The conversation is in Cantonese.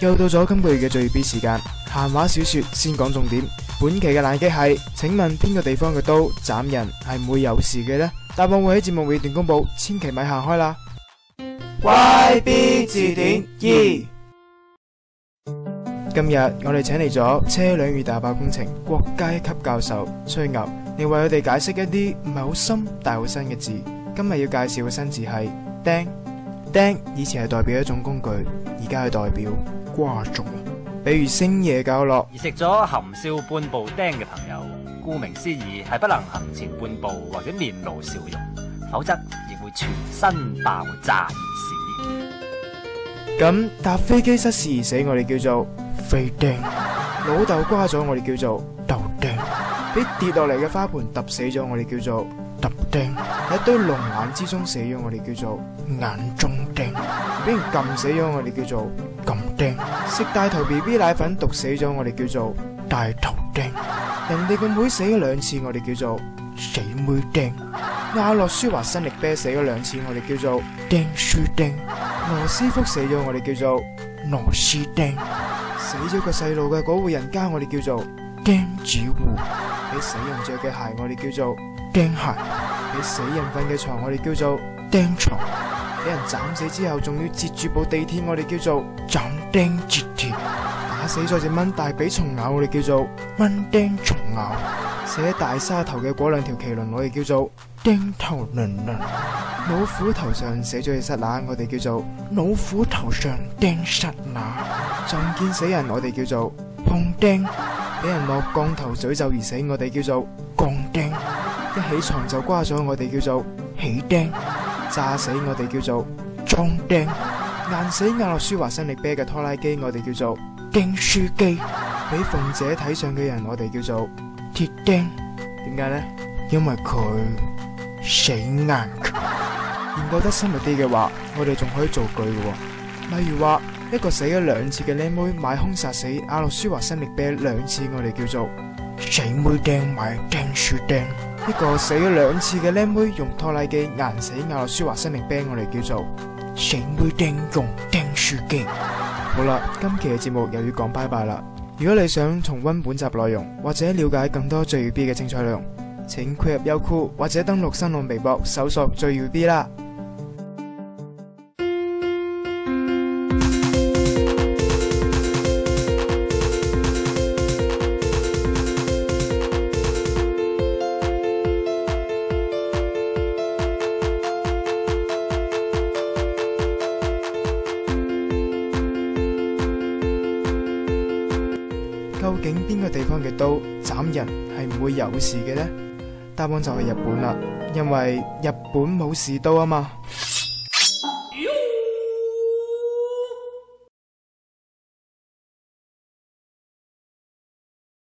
又到咗今個月嘅最 B 時間，閒話少說，先講重點。本期嘅爛 gag 係，請問邊個地方嘅刀斬人係唔會有事嘅呢？答案會喺節目尾段公布，千祈咪行開啦。YB 字典二，今日我哋請嚟咗車輛與大爆工程國家級教授吹牛，你為我哋解釋一啲唔係好深但係好新嘅字。今日要介紹嘅新字係釘。釘以前係代表一種工具，而家係代表瓜種。比如星夜絞落而食咗含笑半步釘嘅朋友，顧名思義係不能行前半步或者面露笑容，否則亦會全身爆炸而死。咁搭飛機失事而死，我哋叫做飛釘。 老豆瓜咗，我哋叫做豆釘。俾 跌落嚟嘅花盆揼死咗，我哋叫做。特釘喺一堆龍眼之中死咗，我哋叫做眼中釘；俾人撳死咗，我哋叫做撳釘；食大頭 B B 奶粉毒死咗，我哋叫做大頭釘；人哋個妹死咗兩次，我哋叫做死妹釘；阿諾舒華辛力啤死咗兩次，我哋叫做釘書釘；羅斯福死咗，我哋叫做羅斯釘；死咗個細路嘅嗰戶人家，我哋叫做釘子戶。死人着嘅鞋，我哋叫做釘鞋；俾死人瞓嘅床，我哋叫做釘床；俾人斬死之後，仲要截住部地鐵，我哋叫做斬釘截鐵；打死咗隻蚊大髀蟲咬，我哋叫做蚊釘蟲咬；死喺大沙頭嘅嗰兩條麒麟，我哋叫做釘頭麟麟；老虎頭上死咗隻虱乸，我哋叫做老虎頭上釘虱乸；撞見死人，我哋叫做碰釘。俾人落降頭詛咒而死，我哋叫做鋼釘；一起床就瓜咗，我哋叫做起釘；炸死，我哋叫做裝釘；硬死亞諾舒華新力啤嘅拖拉機，我哋叫做釘書機；俾鳳姐睇上嘅人，我哋叫做鐵釘。點解呢？因為佢死硬。 研究得深入啲嘅話，我哋仲可以造句喎，例如話。一個死咗兩次嘅靚妹買兇殺死阿洛舒華生力啤兩次，我哋叫做死妹釘買釘書釘。一個死咗兩次嘅靚妹用拖拉機壓死阿洛舒華生力啤，我哋叫做死妹釘用釘書機。好啦，今期嘅節目又要講拜拜啦。如果你想重温本集內容，或者了解更多最耀 B 嘅精彩內容，請加入優酷或者登錄新浪微博搜索最耀 B 啦。究竟邊個地方嘅刀斬人係唔會有事嘅呢？答案就係日本啦，因為日本冇事刀啊嘛。